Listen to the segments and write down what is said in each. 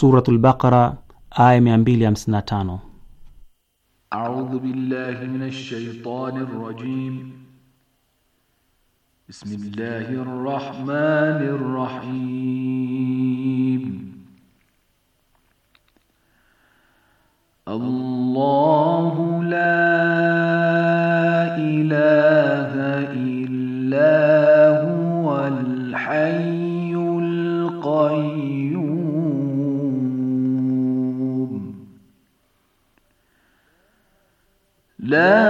Suratul Baqara aya 255. A'udhu billahi minash shaitani rajim. Bismillahir rahmanir rahim لا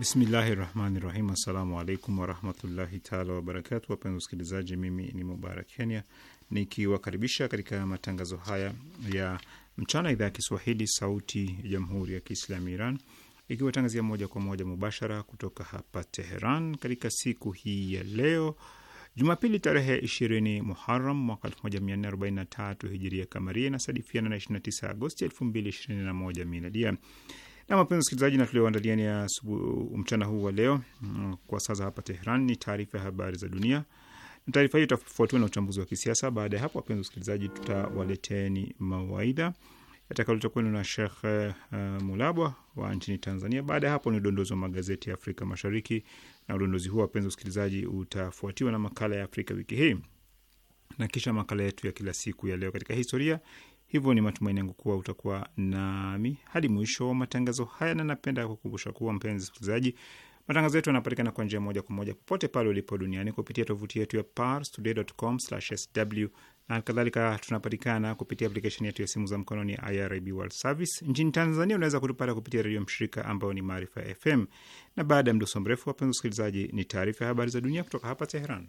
Bismillahi rahmani rahim. Assalamu alaikum warahmatullahi taala wabarakatu. Wapenzi wasikilizaji, mimi ni Mubarak Kenya nikiwakaribisha katika matangazo haya ya mchana, idhaa ya Kiswahili sauti ya jamhuri ya Kiislami Iran ikiwatangazia moja kwa moja mubashara kutoka hapa Teheran katika siku hii ya leo Jumapili tarehe 20 Muharam mwaka 1443 hijiria kamaria, inasadifiana na 29 Agosti 2021 miladia. Na mapenzi msikilizaji, na tulioandaliani ya mchana huu wa leo mm, kwa sasa hapa Tehran ni taarifa ya habari za dunia, na taarifa hiyo itafuatiwa na uchambuzi wa kisiasa. Baada ya hapo, wapenzi msikilizaji, tutawaleteni mawaidha yatakayoletwa kwenu na Shekh uh, eh, Mulabwa wa nchini Tanzania. Baada ya hapo ni udondozi wa magazeti ya Afrika Mashariki, na udondozi huo, wapenzi wasikilizaji, utafuatiwa na makala ya Afrika wiki hii na kisha makala yetu ya kila siku ya leo katika historia Hivyo ni matumaini yangu kuwa utakuwa nami hadi mwisho wa matangazo haya, na napenda kukumbusha kuwa, mpenzi msikilizaji, matangazo yetu yanapatikana kwa njia moja kwa moja popote pale ulipo duniani kupitia tovuti yetu ya parstoday.com/sw na kadhalika. Tunapatikana kupitia aplikesheni yetu ya simu za mkononi IRIB World Service. Nchini Tanzania unaweza kutupata kupitia redio mshirika ambayo ni Maarifa FM. Na baada ya mdoso mrefu, wapenzi usikilizaji, ni taarifa ya habari za dunia kutoka hapa Teheran.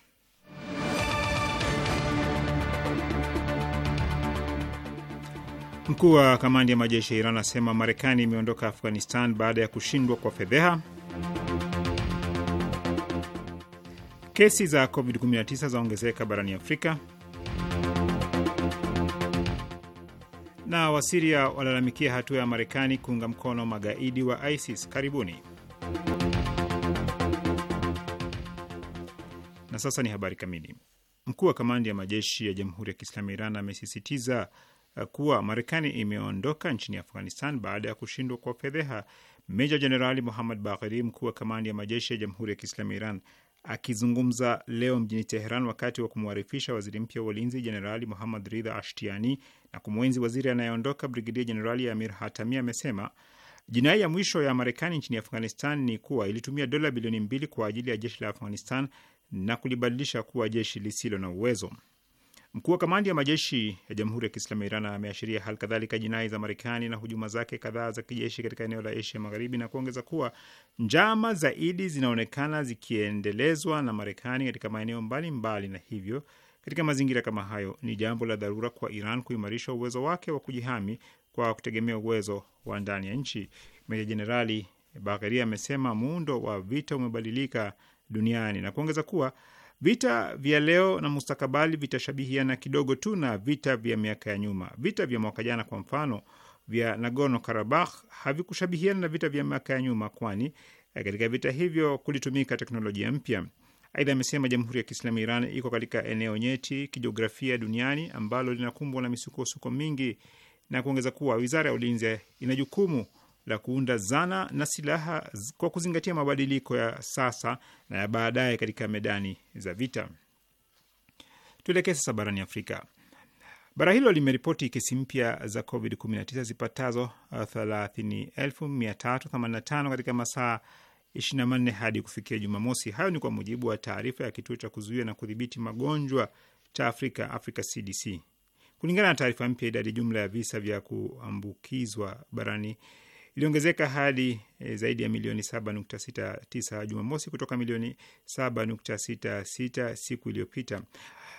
Mkuu wa kamandi ya majeshi ya Iran anasema Marekani imeondoka Afghanistan baada ya kushindwa kwa fedheha. Kesi za COVID-19 zaongezeka barani Afrika na Wasiria walalamikia hatua ya Marekani kuunga mkono magaidi wa ISIS. Karibuni na sasa ni habari kamili. Mkuu wa kamandi ya majeshi ya Jamhuri ya Kiislamu ya Iran amesisitiza Eh, kuwa Marekani imeondoka nchini Afghanistan baada ya kushindwa kwa fedheha. Meja Jenerali Muhammad Bagheri, mkuu wa kamandi ya majeshi ya Jamhuri ya Kiislamu Iran, akizungumza leo mjini Teheran wakati wa kumwarifisha waziri mpya wa ulinzi Jenerali Muhammad Ridha Ashtiani na kumwenzi waziri anayeondoka Brigedia Jenerali Amir Hatami, amesema jinai ya mwisho ya Marekani nchini Afghanistan ni kuwa ilitumia dola bilioni mbili kwa ajili ya jeshi la Afghanistan na kulibadilisha kuwa jeshi lisilo na uwezo. Mkuu wa kamandi ya majeshi ya Jamhuri ya Kiislamu ya Iran ameashiria hali kadhalika jinai za Marekani na hujuma zake kadhaa za kijeshi katika eneo la Asia Magharibi na kuongeza kuwa njama zaidi zinaonekana zikiendelezwa na Marekani katika maeneo mbalimbali, na hivyo katika mazingira kama hayo ni jambo la dharura kwa Iran kuimarisha uwezo wake wa kujihami kwa kutegemea uwezo wa ndani ya nchi. Meja Jenerali Bagheri amesema muundo wa vita umebadilika duniani na kuongeza kuwa Vita vya leo na mustakabali vitashabihiana kidogo tu na vita vya miaka ya nyuma. Vita vya mwaka jana kwa mfano vya Nagorno Karabakh havikushabihiana na vita vya miaka ya nyuma, kwani eh, katika vita hivyo kulitumika teknolojia mpya. Aidha, amesema Jamhuri ya Kiislamu Iran iko katika eneo nyeti kijiografia duniani ambalo linakumbwa na misukosuko mingi na kuongeza kuwa wizara ya ulinzi ina jukumu la kuunda zana na silaha kwa kuzingatia mabadiliko ya sasa na ya baadaye katika medani za vita. Tuelekee sasa barani Afrika. Bara hilo limeripoti kesi mpya za COVID-19 zipatazo 30385 uh, katika masaa 24 hadi kufikia Jumamosi. Hayo ni kwa mujibu wa taarifa ya kituo cha kuzuia na kudhibiti magonjwa cha Afrika, Africa CDC. Kulingana na taarifa mpya, idadi jumla ya visa vya kuambukizwa barani iliongezeka hadi e, zaidi ya milioni 7.69 Jumamosi kutoka milioni 7.66 siku iliyopita.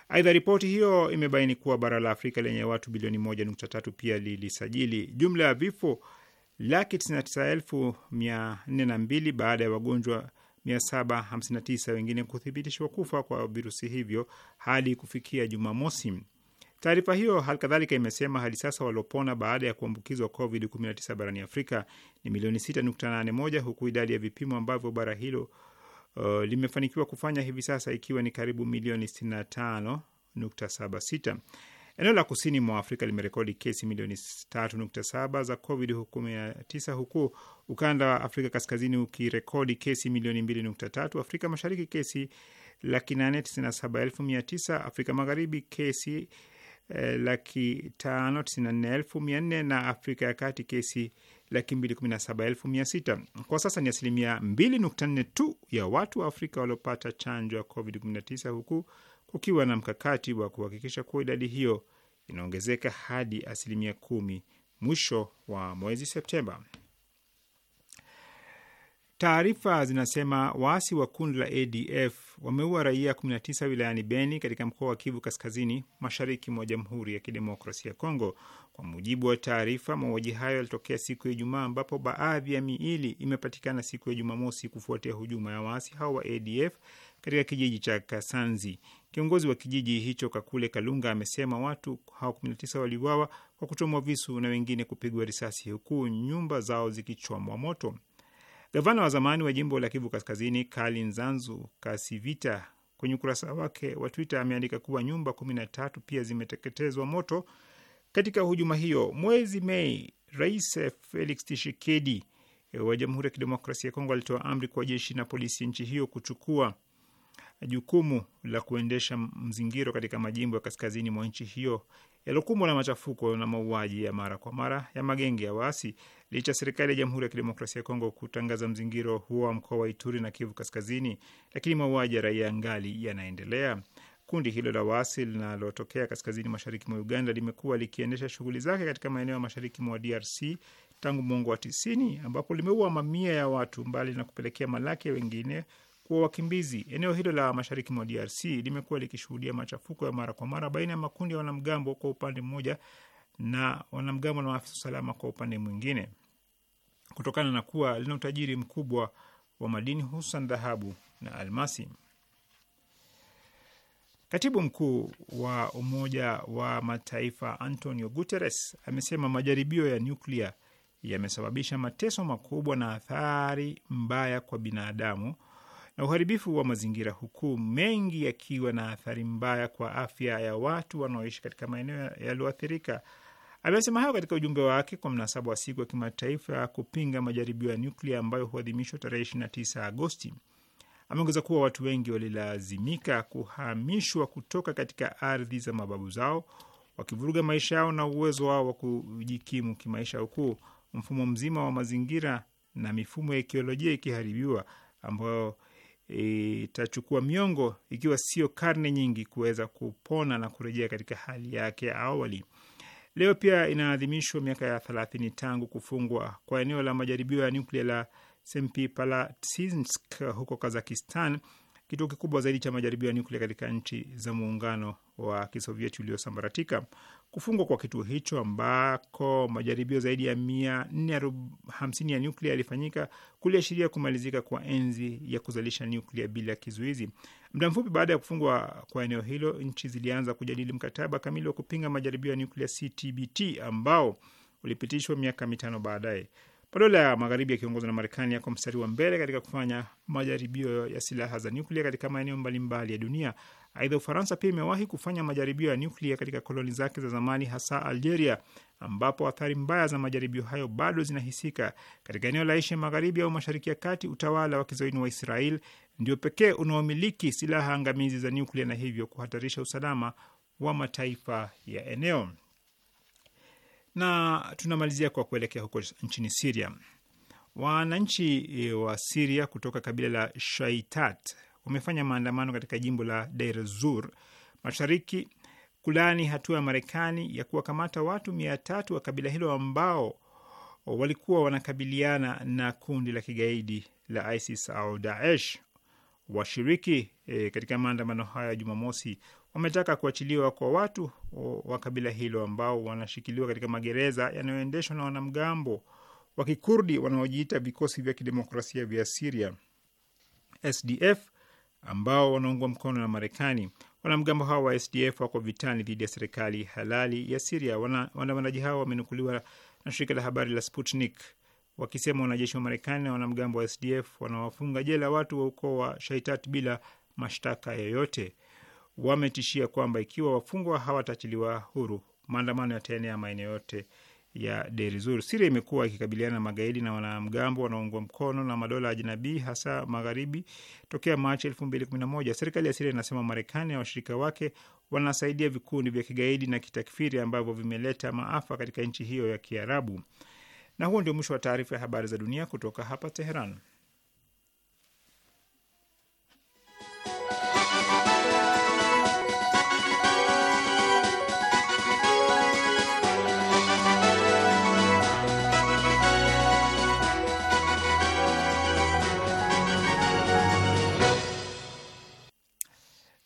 Aidha, ripoti hiyo imebaini kuwa bara la Afrika lenye watu bilioni 1.3 pia lilisajili jumla ya vifo laki 99,402 baada ya wagonjwa 759 wengine kuthibitishwa kufa kwa virusi hivyo hadi kufikia Jumamosi. Taarifa hiyo hali kadhalika imesema hadi sasa waliopona baada ya kuambukizwa COVID-19 barani Afrika ni milioni 6.81 huku idadi ya vipimo ambavyo bara hilo uh, limefanikiwa kufanya hivi sasa ikiwa ni karibu milioni 65.76. Eneo la kusini mwa Afrika limerekodi kesi milioni 3.7 za COVID-19 huku ukanda wa Afrika kaskazini ukirekodi kesi milioni 2.3, Afrika mashariki kesi laki nane Afrika magharibi kesi Eh, laki tano tisini na nne elfu mia nne na Afrika ya Kati kesi laki mbili kumi na saba elfu mia sita. Kwa sasa ni asilimia mbili nukta nne tu ya watu wa Afrika waliopata chanjo ya Covid 19 huku kukiwa na mkakati wa kuhakikisha kuwa idadi hiyo inaongezeka hadi asilimia kumi mwisho wa mwezi Septemba. Taarifa zinasema waasi wa kundi la ADF wameua raia 19 wilayani Beni katika mkoa wa Kivu Kaskazini, mashariki mwa Jamhuri ya Kidemokrasia ya Kongo. Kwa mujibu wa taarifa, mauaji hayo yalitokea siku ya Ijumaa, ambapo baadhi ya miili imepatikana siku ya Jumamosi kufuatia hujuma ya waasi hao wa ADF katika kijiji cha Kasanzi. Kiongozi wa kijiji hicho Kakule Kalunga amesema watu hao 19 waliuawa kwa kuchomwa visu na wengine kupigwa risasi, huku nyumba zao zikichomwa moto. Gavana wa zamani wa jimbo la Kivu Kaskazini, Kalin Zanzu Kasivita, kwenye ukurasa wake wa Twitter ameandika kuwa nyumba kumi na tatu pia zimeteketezwa moto katika hujuma hiyo. Mwezi Mei, Rais Felix Tshisekedi wa Jamhuri ya Kidemokrasia ya Kongo alitoa amri kwa jeshi na polisi nchi hiyo kuchukua jukumu la kuendesha mzingiro katika majimbo ya kaskazini mwa nchi hiyo yaliokumbwa na machafuko na mauaji ya mara kwa mara ya magenge ya waasi, licha serikali ya Jamhuri ya Kidemokrasia ya Kongo kutangaza mzingiro huo wa mkoa wa Ituri na Kivu Kaskazini, lakini mauaji ya raia ngali yanaendelea. Kundi hilo la waasi linalotokea kaskazini mashariki mwa Uganda limekuwa likiendesha shughuli zake katika maeneo ya mashariki mwa DRC tangu mwongo wa tisini, ambapo limeua mamia ya watu mbali na kupelekea malaki wengine kuwa wakimbizi. Eneo hilo la mashariki mwa DRC limekuwa likishuhudia machafuko ya mara kwa mara baina ya makundi ya wanamgambo kwa upande mmoja na wanamgambo na maafisa usalama kwa upande mwingine, kutokana na kuwa lina utajiri mkubwa wa madini hususan dhahabu na almasi. Katibu mkuu wa Umoja wa Mataifa Antonio Guterres amesema majaribio ya nyuklia yamesababisha mateso makubwa na athari mbaya kwa binadamu na uharibifu wa mazingira, huku mengi yakiwa na athari mbaya kwa afya ya watu wanaoishi katika maeneo yaliyoathirika. Amesema hayo katika ujumbe wake kwa mnasaba wa siku ya kimataifa kupinga majaribio ya nyuklia ambayo huadhimishwa tarehe 29 Agosti. Ameongeza kuwa watu wengi walilazimika kuhamishwa kutoka katika ardhi za mababu zao, wakivuruga maisha yao na uwezo wao wa kujikimu kimaisha, huku mfumo mzima wa mazingira na mifumo ya ikiolojia ikiharibiwa ambayo itachukua miongo, ikiwa sio karne nyingi, kuweza kupona na kurejea katika hali yake ya awali. Leo pia inaadhimishwa miaka ya thelathini tangu kufungwa kwa eneo la majaribio ya nuklia la Semipalatinsk huko Kazakistan kituo kikubwa zaidi cha majaribio ya nyuklia katika nchi za muungano wa Kisovieti uliosambaratika. Kufungwa kwa kituo hicho ambako majaribio zaidi ya mia nne hamsini ya nyuklia yalifanyika kuliashiria kumalizika kwa enzi ya kuzalisha nyuklia bila kizuizi. Muda mfupi baada ya kufungwa kwa eneo hilo, nchi zilianza kujadili mkataba kamili wa kupinga majaribio ya nyuklia CTBT ambao ulipitishwa miaka mitano baadaye. Madola ya Magharibi yakiongozwa na Marekani yako mstari wa mbele katika kufanya majaribio ya silaha za nyuklia katika maeneo mbalimbali ya dunia. Aidha, Ufaransa pia imewahi kufanya majaribio ya nyuklia katika koloni zake za zamani, hasa Algeria, ambapo athari mbaya za majaribio hayo bado zinahisika. Katika eneo la Asia Magharibi au Mashariki ya Kati, utawala wa kizoini wa Israel ndio pekee unaomiliki silaha angamizi za nyuklia na hivyo kuhatarisha usalama wa mataifa ya eneo. Na tunamalizia kwa kuelekea huko nchini Siria. Wananchi e, wa Siria kutoka kabila la Shaitat wamefanya maandamano katika jimbo la Deir Zur mashariki kulani hatua ya Marekani ya kuwakamata watu mia tatu wa kabila hilo ambao walikuwa wanakabiliana na kundi la kigaidi la ISIS au Daesh. Washiriki e, katika maandamano hayo ya Jumamosi wametaka kuachiliwa kwa watu wa kabila hilo ambao wanashikiliwa katika magereza yanayoendeshwa na wanamgambo wa kikurdi wanaojiita vikosi vya kidemokrasia vya Siria SDF ambao wanaungwa mkono na Marekani. Wanamgambo hao wa SDF wako vitani dhidi ya serikali halali ya Siria. Waandamanaji hao wamenukuliwa na shirika la habari la Sputnik wakisema wanajeshi wa Marekani na wanamgambo wa SDF wanawafunga jela watu wa ukoo wa Shaitat bila mashtaka yoyote wametishia kwamba ikiwa wafungwa hawatachiliwa huru, maandamano yataenea maeneo yote ya Deir Zur. Siria imekuwa ikikabiliana na magaidi na wanamgambo wanaoungwa mkono na madola ya jinabii hasa magharibi tokea Machi 2011. Serikali ya Siria inasema Marekani na washirika wake wanasaidia vikundi vya kigaidi na kitakfiri ambavyo vimeleta maafa katika nchi hiyo ya Kiarabu. Na huo ndio mwisho wa taarifa ya habari za dunia kutoka hapa Teheran.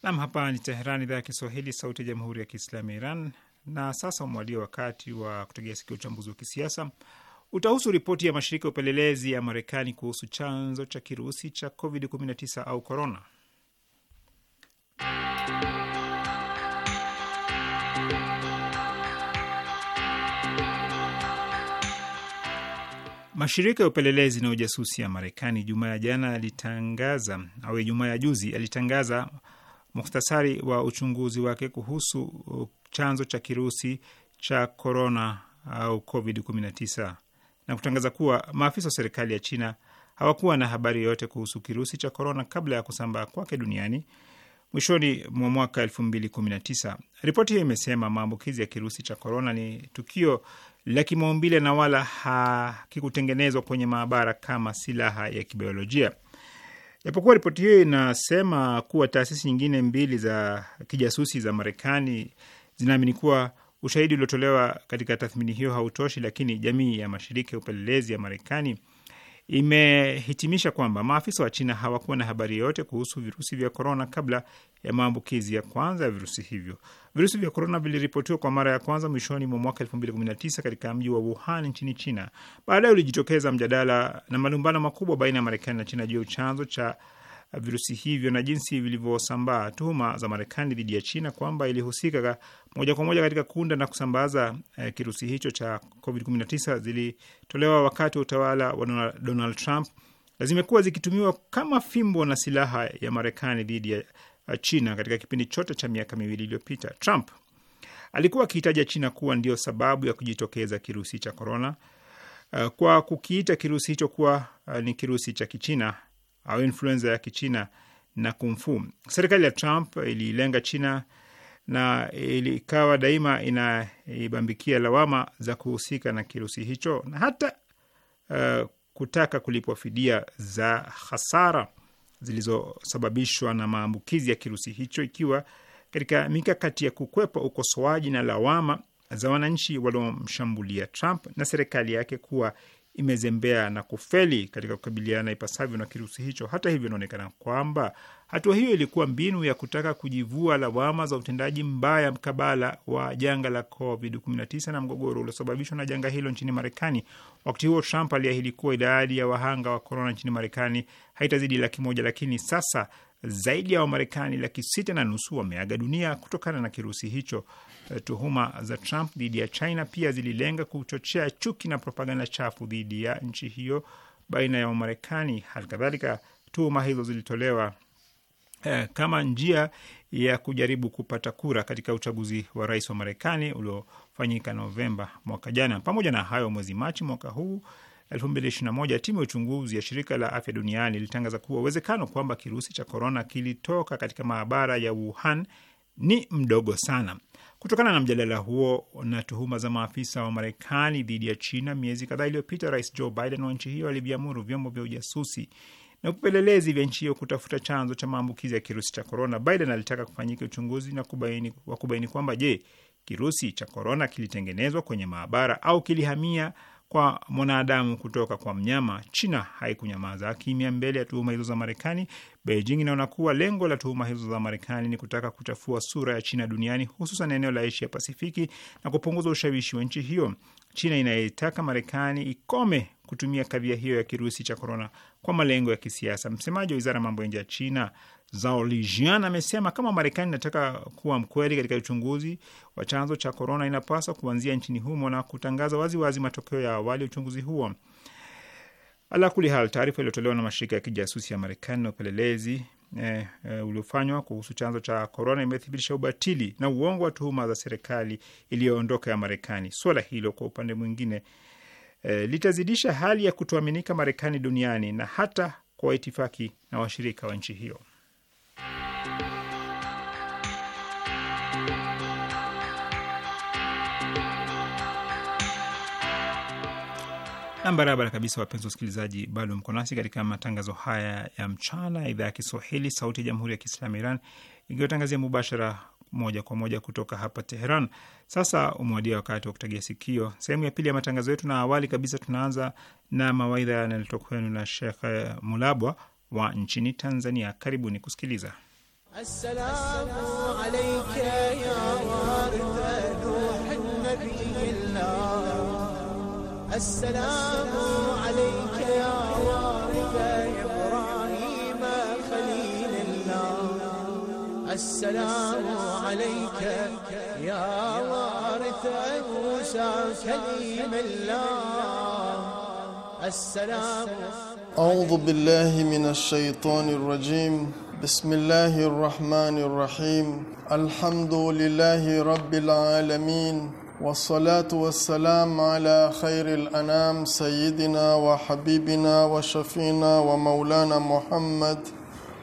Nam, hapa ni Teheran, idhaa ya Kiswahili, sauti ya jamhuri ya kiislamu ya Iran. Na sasa umwalia wakati wa kutegea sikia uchambuzi wa kisiasa utahusu ripoti ya mashirika ya upelelezi ya Marekani kuhusu chanzo cha kirusi cha COVID-19 au korona. Mashirika ya upelelezi na ujasusi ya Marekani Jumaa ya jana yalitangaza au Jumaa ya juzi yalitangaza muhtasari wa uchunguzi wake kuhusu uh, chanzo cha kirusi cha korona au COVID-19 na kutangaza kuwa maafisa wa serikali ya China hawakuwa na habari yoyote kuhusu kirusi cha korona kabla ya kusambaa kwake duniani mwishoni mwa mwaka 2019. Ripoti hiyo imesema maambukizi ya kirusi cha korona ni tukio la kimaumbile na wala hakikutengenezwa kwenye maabara kama silaha ya kibiolojia. Japokuwa ripoti hiyo inasema kuwa taasisi nyingine mbili za kijasusi za Marekani zinaamini kuwa ushahidi uliotolewa katika tathmini hiyo hautoshi, lakini jamii ya mashirika ya upelelezi ya Marekani imehitimisha kwamba maafisa wa China hawakuwa na habari yoyote kuhusu virusi vya korona kabla ya maambukizi ya kwanza ya virusi hivyo. Virusi vya korona viliripotiwa kwa mara ya kwanza mwishoni mwa mwaka 2019 katika mji wa Wuhan nchini China. Baadaye ulijitokeza mjadala na malumbano makubwa baina ya Marekani na China juu ya chanzo cha virusi hivyo na jinsi vilivyosambaa. Tuhuma za Marekani dhidi ya China kwamba ilihusika moja kwa moja katika kuunda na kusambaza eh, kirusi hicho cha COVID-19 zilitolewa wakati wa utawala wa Donald Trump na zimekuwa zikitumiwa kama fimbo na silaha ya Marekani dhidi ya China katika kipindi chote cha miaka miwili iliyopita. Trump alikuwa akihitaja China kuwa ndio sababu ya kujitokeza kirusi cha korona, eh, kwa kukiita kirusi hicho kuwa eh, ni kirusi cha Kichina au influenza ya Kichina na kumfu. Serikali ya Trump ililenga China na ilikawa daima inaibambikia lawama za kuhusika na kirusi hicho na hata uh, kutaka kulipwa fidia za hasara zilizosababishwa na maambukizi ya kirusi hicho, ikiwa katika mikakati ya kukwepa ukosoaji na lawama za wananchi waliomshambulia Trump na serikali yake kuwa imezembea na kufeli katika kukabiliana ipasavyo na kirusi hicho. Hata hivyo, inaonekana kwamba hatua hiyo ilikuwa mbinu ya kutaka kujivua lawama za utendaji mbaya mkabala wa janga la COVID-19 na mgogoro uliosababishwa na janga hilo nchini Marekani. Wakati huo, Trump aliahidi kuwa idadi ya wahanga wa korona nchini Marekani haitazidi laki moja, lakini sasa zaidi ya Wamarekani laki sita na nusu wameaga dunia kutokana na kirusi hicho. Eh, tuhuma za Trump dhidi ya China pia zililenga kuchochea chuki na propaganda chafu dhidi ya nchi hiyo baina ya Wamarekani. Hali kadhalika, tuhuma hizo zilitolewa eh, kama njia ya kujaribu kupata kura katika uchaguzi wa rais wa Marekani uliofanyika Novemba mwaka jana. Pamoja na hayo, mwezi Machi mwaka huu 2021 timu ya uchunguzi ya shirika la afya duniani ilitangaza kuwa uwezekano kwamba kirusi cha korona kilitoka katika maabara ya Wuhan ni mdogo sana. Kutokana na mjadala huo na tuhuma za maafisa wa Marekani dhidi ya China miezi kadhaa iliyopita, Rais Joe Biden wa nchi hiyo aliviamuru vyombo vya ujasusi na upelelezi vya nchi hiyo kutafuta chanzo cha maambukizi ya kirusi cha korona. Biden alitaka kufanyika uchunguzi na kubaini, wa kubaini kwamba je, kirusi cha korona kilitengenezwa kwenye maabara au kilihamia kwa mwanadamu kutoka kwa mnyama. China haikunyamaza kimya mbele ya tuhuma hizo za Marekani. Beijing inaona kuwa lengo la tuhuma hizo za Marekani ni kutaka kuchafua sura ya China duniani, hususan eneo la Asia Pasifiki na kupunguza ushawishi wa nchi hiyo. China inayetaka Marekani ikome kutumia kadhia hiyo ya kirusi cha korona kwa malengo ya kisiasa. Msemaji wa wizara ya mambo ya nje ya China Zaolijian amesema kama Marekani inataka kuwa mkweli katika uchunguzi wa chanzo cha korona, inapaswa kuanzia nchini humo na kutangaza waziwazi wazi matokeo ya awali ya uchunguzi huo. Ala kuli hal, taarifa iliyotolewa na mashirika ya kijasusi ya Marekani na upelelezi e, e, uliofanywa kuhusu chanzo cha korona imethibitisha ubatili na uongo wa tuhuma za serikali iliyoondoka ya Marekani. Suala hilo kwa upande mwingine e, litazidisha hali ya kutoaminika Marekani duniani na hata kwa itifaki na washirika wa nchi hiyo. na barabara kabisa, wapenzi wasikilizaji, bado mko nasi katika matangazo haya ya mchana ya idhaa ya Kiswahili, Sauti ya Jamhuri ya Kiislamu Iran ikiwatangazia mubashara moja kwa moja kutoka hapa Teheran. Sasa umewadia wakati wa kutegea sikio sehemu ya pili ya matangazo yetu, na awali kabisa tunaanza na mawaidha yanayoletwa kwenu na Shekh Mulabwa wa nchini Tanzania. Karibuni kusikiliza Assalamu السلام عليك يا وارث إبراهيم خليل الله السلام عليك يا وارث موسى كليم الله السلام أعوذ بالله من الشيطان الرجيم بسم الله الرحمن الرحيم الحمد لله رب العالمين والصلاة والسلام على خير الأنام سيدنا وحبيبنا وشفينا ومولانا محمد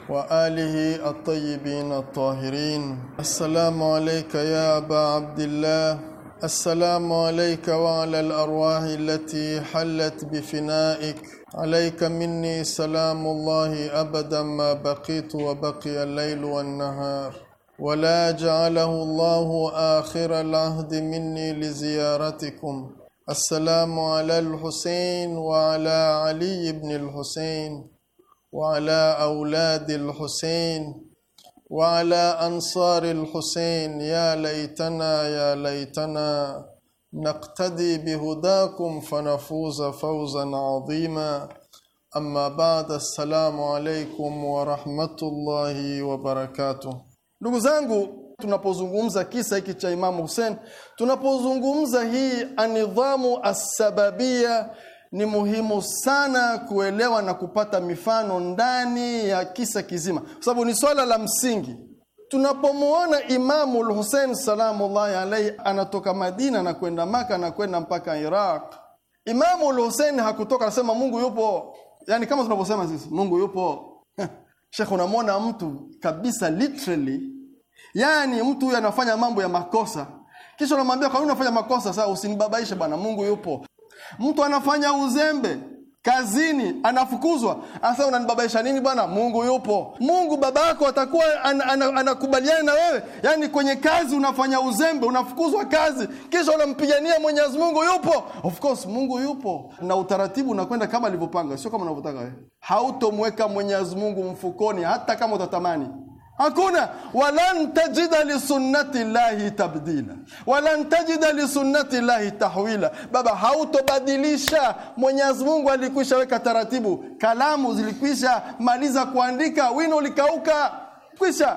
وآله الطيبين الطاهرين السلام عليك يا أبا عبد الله السلام عليك وعلى الأرواح التي حلت بفنائك عليك مني سلام الله أبدا ما بقيت وبقي الليل والنهار ولا جعله الله آخر العهد مني لزيارتكم السلام على الحسين وعلى علي بن الحسين وعلى أولاد الحسين وعلى أنصار الحسين يا ليتنا يا ليتنا نقتدي بهداكم فنفوز فوزا عظيما أما بعد السلام عليكم ورحمة الله وبركاته Ndugu zangu, tunapozungumza kisa hiki cha Imamu husen tunapozungumza hii anidhamu asababia ni muhimu sana kuelewa na kupata mifano ndani ya kisa kizima, kwa sababu ni swala la msingi. Tunapomwona Imamu Lhusein salamullahi alaihi anatoka Madina na kwenda Maka na kwenda mpaka Iraq, Imamu Lhusein hakutoka anasema Mungu yupo, yani kama tunavyosema sisi Mungu yupo. Shekh, unamwona mtu kabisa literally Yaani mtu huyu anafanya mambo ya makosa. Kisha unamwambia kwa nini unafanya makosa? Sasa usinibabaishe bwana, Mungu yupo. Mtu anafanya uzembe kazini anafukuzwa. asa unanibabaisha nini bwana? Mungu yupo. Mungu baba yako atakuwa an, an, an, anakubaliana na wewe? Yaani kwenye kazi unafanya uzembe, unafukuzwa kazi, kisha unampigania Mwenyezi Mungu yupo. Of course Mungu yupo, na utaratibu unakwenda kama alivyopanga, sio kama unavyotaka wewe. Hautomweka Mwenyezi Mungu mfukoni hata kama utatamani. Hakuna walan tajida li sunnati llahi tabdila walan tajida li sunnati llahi tahwila. Baba, hautobadilisha. Mwenyezi Mungu alikwisha weka taratibu, kalamu zilikwisha maliza kuandika, wino ulikauka, kwisha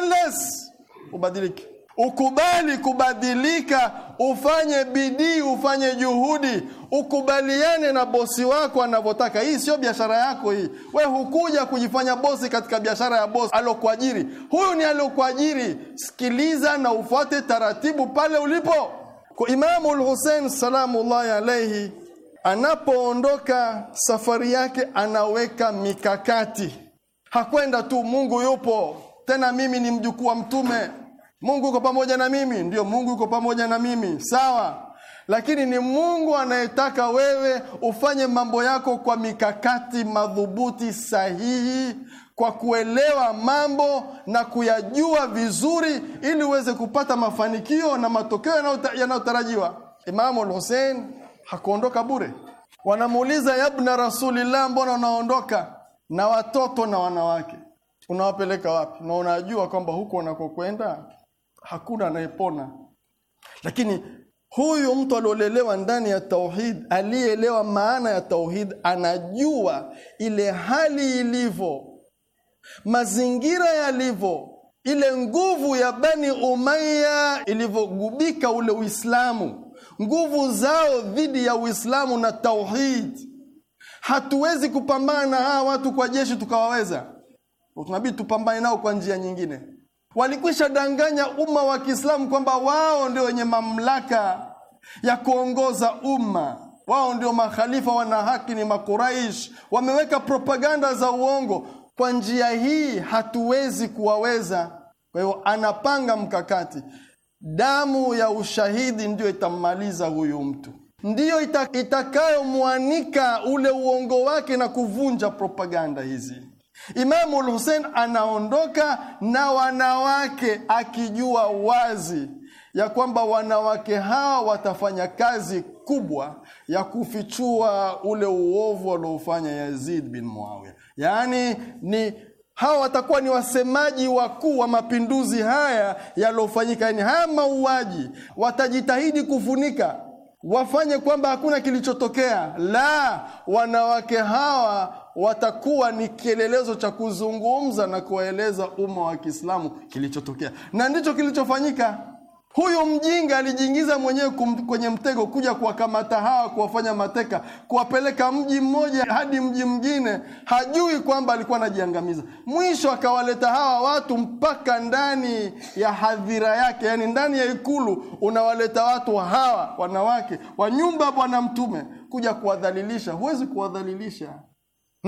unless ubadilike ukubali kubadilika, ufanye bidii, ufanye juhudi, ukubaliane na bosi wako anavyotaka. Hii sio biashara yako hii, we hukuja kujifanya bosi katika biashara ya bosi alokuajiri. Huyu ni alokuajiri, sikiliza na ufuate taratibu pale ulipo. Kwa Imamu Lhusein salamullahi alaihi anapoondoka safari yake, anaweka mikakati. Hakwenda tu Mungu yupo tena, mimi ni mjukuu wa Mtume Mungu yuko pamoja na mimi, ndiyo, Mungu yuko pamoja na mimi, sawa. Lakini ni Mungu anayetaka wewe ufanye mambo yako kwa mikakati madhubuti, sahihi, kwa kuelewa mambo na kuyajua vizuri, ili uweze kupata mafanikio na matokeo yanayotarajiwa. Imamu al-Hussein hakuondoka bure. Wanamuuliza, yabna Rasulillah, mbona unaondoka na watoto na wanawake? Unawapeleka wapi? Na unajua kwamba huko unakokwenda hakuna anayepona lakini huyu mtu aliolelewa ndani ya tauhid aliyeelewa maana ya tauhid anajua ile hali ilivyo mazingira yalivyo ile nguvu ya bani umaya ilivyogubika ule uislamu nguvu zao dhidi ya uislamu na tauhid hatuwezi kupambana na hawa watu kwa jeshi tukawaweza tunabidi tupambane nao kwa njia nyingine walikwisha danganya umma wa Kiislamu kwamba wao ndio wenye mamlaka ya kuongoza umma wao ndio makhalifa, wana haki, ni Makuraish. Wameweka propaganda za uongo. Kwa njia hii hatuwezi kuwaweza. Kwa hiyo anapanga mkakati. Damu ya ushahidi ndiyo itammaliza huyu mtu, ndiyo itakayomwanika ule uongo wake na kuvunja propaganda hizi. Imamu Hussein anaondoka na wanawake akijua wazi ya kwamba wanawake hawa watafanya kazi kubwa ya kufichua ule uovu waliofanya Yazid bin Muawiya. Yaani ni hawa watakuwa ni wasemaji wakuu wa mapinduzi haya yaliyofanyika, yaani haya mauaji watajitahidi kufunika, wafanye kwamba hakuna kilichotokea. La, wanawake hawa watakuwa ni kielelezo cha kuzungumza na kuwaeleza umma wa Kiislamu kilichotokea, na ndicho kilichofanyika. Huyu mjinga alijiingiza mwenyewe kwenye mtego, kuja kuwakamata hawa, kuwafanya mateka, kuwapeleka mji mmoja hadi mji mwingine, hajui kwamba alikuwa anajiangamiza. Mwisho akawaleta hawa watu mpaka ndani ya hadhira yake, yani ndani ya Ikulu unawaleta watu hawa wanawake wa nyumba Bwana Mtume kuja kuwadhalilisha. Huwezi kuwadhalilisha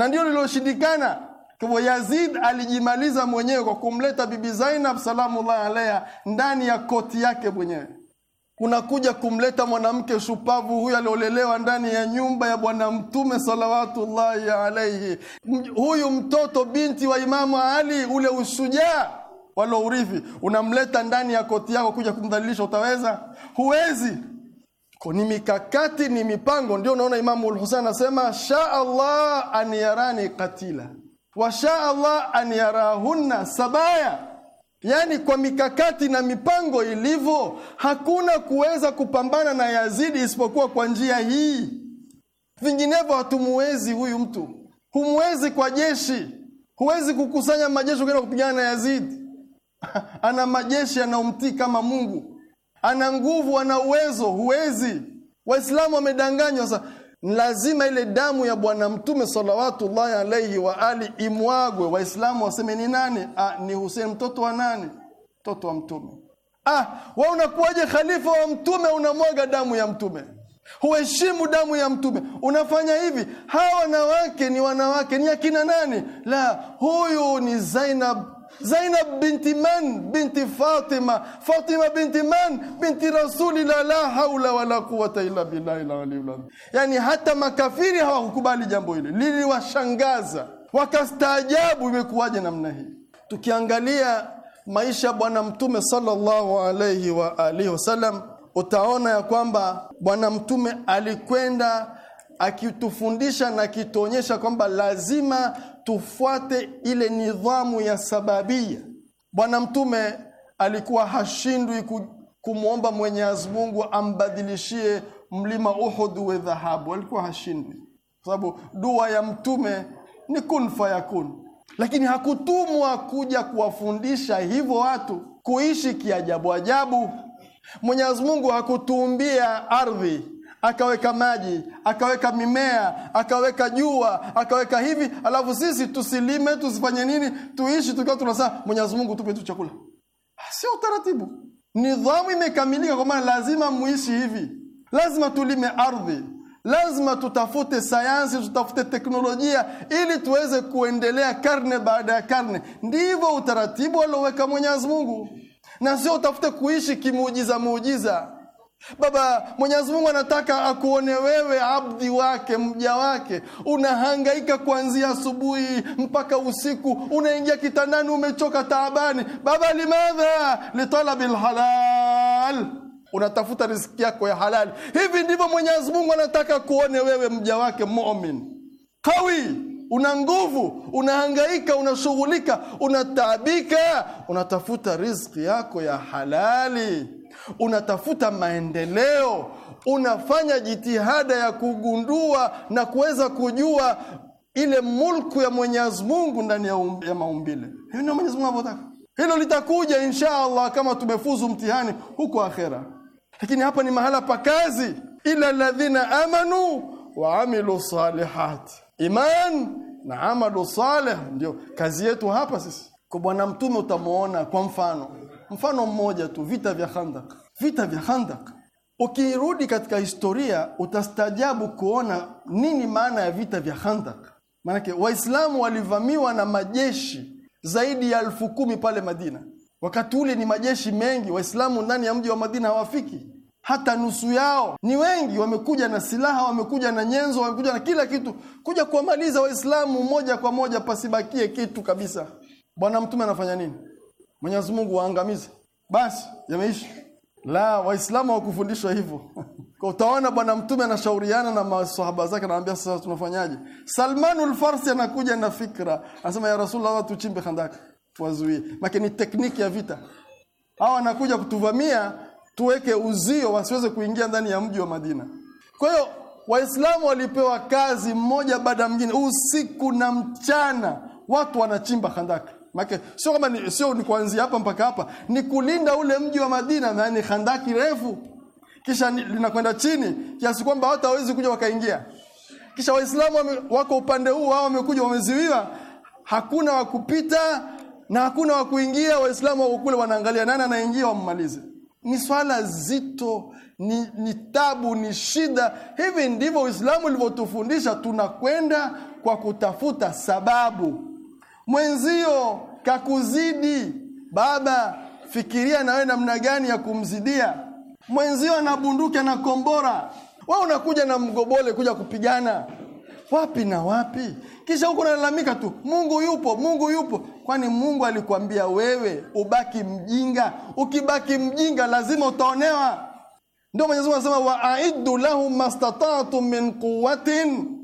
na ndio lililoshindikana. Kwa hivyo Yazid alijimaliza mwenyewe kwa kumleta Bibi Zainab salamullahi alaiha ndani ya koti yake mwenyewe. unakuja kumleta mwanamke shupavu huyu aliolelewa ndani ya nyumba ya Bwana Mtume salawatullahi alaihi, huyu mtoto binti wa Imamu Ali, ule ushujaa walourithi, unamleta ndani ya koti yako kuja kumdhalilisha, utaweza? Huwezi. Kwa ni mikakati, ni mipango. Ndio unaona Imamu Al-Husain anasema sha Allah an yarani katila wa sha Allah an yarahunna sabaya, yaani kwa mikakati na mipango ilivyo, hakuna kuweza kupambana na Yazidi isipokuwa kwa njia hii, vinginevyo hatumuwezi huyu mtu. Humwezi kwa jeshi, huwezi kukusanya majeshi kwenda kupigana na Yazidi. ana majeshi anaomtii kama Mungu ana nguvu, ana uwezo, huwezi. Waislamu wamedanganywa sasa. Lazima ile damu ya Bwana Mtume salawatullahi alaihi wa ali imwagwe, Waislamu waseme ni nani? Ah, ni husen mtoto wa nani? Mtoto wa Mtume. Ah, we unakuwaje khalifa wa Mtume unamwaga damu ya Mtume? Huheshimu damu ya Mtume, unafanya hivi. Hawa wanawake ni wanawake, ni akina nani? La, huyu ni Zainab Zainab binti man binti Fatima, Fatima binti man binti Rasulillah, la haula wala quwwata illa billahi aliyul azim. Yani hata makafiri hawakukubali jambo hili, liliwashangaza wakastaajabu, imekuwaje namna hii? Tukiangalia maisha bwana Mtume sallallahu alayhi wa alihi wasallam, utaona ya kwamba bwana Mtume alikwenda akitufundisha na akituonyesha kwamba lazima tufuate ile nidhamu ya sababia. Bwana Mtume alikuwa hashindwi kumwomba Mwenyezi Mungu ambadilishie mlima Uhud we dhahabu, alikuwa hashindwi kwa sababu dua ya Mtume ni kun fayakun, lakini hakutumwa kuja kuwafundisha hivyo watu kuishi kiajabu ajabu. Mwenyezi Mungu hakutuumbia ardhi akaweka maji, akaweka mimea, akaweka jua, akaweka hivi, alafu sisi tusilime, tusifanye nini, tuishi tukiwa tunasema Mwenyezi Mungu tupe tu chakula. Ah, sio utaratibu. Nidhamu imekamilika kwa maana lazima muishi hivi. Lazima tulime ardhi, lazima tutafute sayansi, tutafute teknolojia ili tuweze kuendelea karne baada ya karne. Ndivyo utaratibu alioweka Mwenyezi Mungu, na sio utafute kuishi kimuujiza muujiza. muujiza Baba, Mwenyezi Mungu anataka akuone wewe abdi wake, mja wake. Unahangaika kuanzia asubuhi mpaka usiku, unaingia kitandani umechoka taabani. Baba, limadha litalabi lhalal, unatafuta riziki yako ya halali. Hivi ndivyo Mwenyezi Mungu anataka kuone wewe mja wake mumin kawi una nguvu, unahangaika, unashughulika, unataabika, unatafuta riziki yako ya halali unatafuta maendeleo, unafanya jitihada ya kugundua na kuweza kujua ile mulku ya Mwenyezi Mungu ndani ya, um, ya maumbile. Hiyo ndio Mwenyezi Mungu anavyotaka. Hilo litakuja insha Allah kama tumefuzu mtihani huko akhera. Lakini hapa ni mahala pa kazi, ila ladhina amanu wa amilu salihat. Iman na amalu saleh ndio kazi yetu hapa sisi. Kwa Bwana Mtume utamwona kwa mfano Mfano mmoja tu, vita vya Khandak. Vita vya Khandak, ukirudi katika historia utastajabu kuona nini maana ya vita vya Khandak. Maanake Waislamu walivamiwa na majeshi zaidi ya elfu kumi pale Madina. Wakati ule ni majeshi mengi, Waislamu ndani ya mji wa Madina hawafiki hata nusu yao. Ni wengi, wamekuja na silaha, wamekuja na nyenzo, wamekuja na kila kitu, kuja kuwamaliza Waislamu moja kwa moja, pasibakie kitu kabisa. Bwana Mtume anafanya nini? Mwenyezi Mungu waangamize. Basi yameisha. La, Waislamu hawakufundishwa hivyo. Kwa utaona Bwana Mtume anashauriana na maswahaba zake, anawaambia sasa tunafanyaje? Salmanul Farsi anakuja na fikra, anasema ya Rasulullah, tuchimbe handaki tuwazuie, maana ni tekniki ya vita. Hawa wanakuja kutuvamia, tuweke uzio wasiweze kuingia ndani ya mji wa Madina. Kwa hiyo Waislamu walipewa kazi mmoja baada ya mwingine, usiku na mchana, watu wanachimba khandaka Maka sio kama sio ni kuanzia hapa mpaka hapa, ni kulinda ule mji wa Madina, maana ni handaki refu, kisha linakwenda chini kiasi kwamba hata hawezi kuja wakaingia. Kisha Waislamu wako upande huu, wao wamekuja wameziwiwa, hakuna wa kupita na hakuna wa kuingia. Waislamu wako kule wanaangalia nani anaingia, wammalize. Ni swala zito, ni, ni tabu, ni shida. Hivi ndivyo Uislamu ulivyotufundisha. Tunakwenda kwa kutafuta sababu mwenzio kakuzidi. Baba, fikiria na wewe namna gani ya kumzidia mwenzio. Ana bunduki na kombora, wewe unakuja na mgobole kuja kupigana wapi na wapi? Kisha huko nalalamika tu, Mungu yupo, Mungu yupo. Kwani Mungu alikwambia wewe ubaki mjinga? Ukibaki mjinga, lazima utaonewa. Ndio Mwenyezi Mungu anasema, waaidu lahum mastata'tum min quwwatin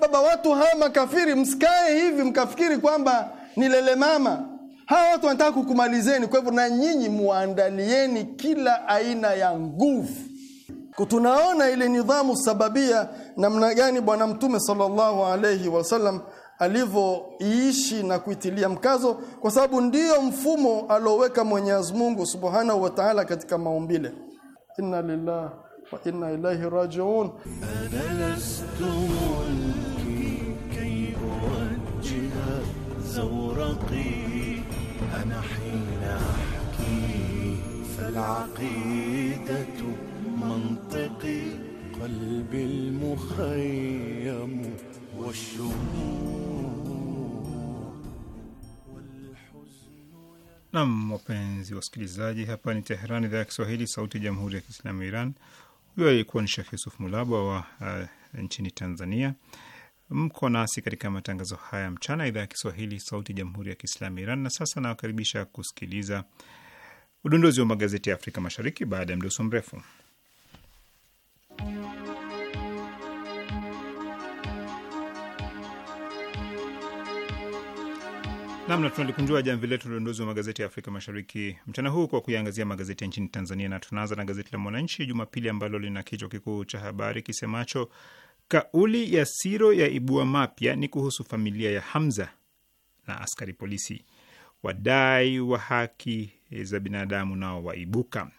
Baba, watu hawa makafiri, msikae hivi mkafikiri kwamba ni lele mama. Hawa watu wanataka kukumalizeni. Kwa hivyo, na nyinyi muandalieni kila aina ya nguvu. Tunaona ile nidhamu sababia, namna gani Bwana Mtume sallallahu alaihi wasallam alivyoiishi na kuitilia mkazo, kwa sababu ndiyo mfumo alioweka Mwenyezi Mungu subhanahu wataala katika maumbile. Inna lillah وإنا إليه راجعون أنا لست ملكي كي أوجه زورقي أنا حين أحكي فالعقيدة منطقي قلبي المخيم Nam, wapenzi wasikilizaji, hapa ni Teherani, idhaa ya Kiswahili, sauti ya jamhuri ya kiislamu ya Iran. Huyo alikuwa ni Shekh Yusuf Mulabwa wa uh, nchini Tanzania. Mko nasi katika matangazo haya mchana, idhaa ya Kiswahili, sauti ya jamhuri ya kiislamu ya Iran. Na sasa nawakaribisha kusikiliza udondozi wa magazeti ya Afrika Mashariki baada ya mdoso mrefu Namna tunalikunjua jamvi letu udondozi wa magazeti ya Afrika Mashariki mchana huu kwa kuiangazia magazeti ya nchini Tanzania, na tunaanza na gazeti la Mwananchi Jumapili ambalo lina kichwa kikuu cha habari kisemacho kauli ya Siro ya ibua mapya ni kuhusu familia ya Hamza na askari polisi, wadai wa haki za binadamu nao waibuka.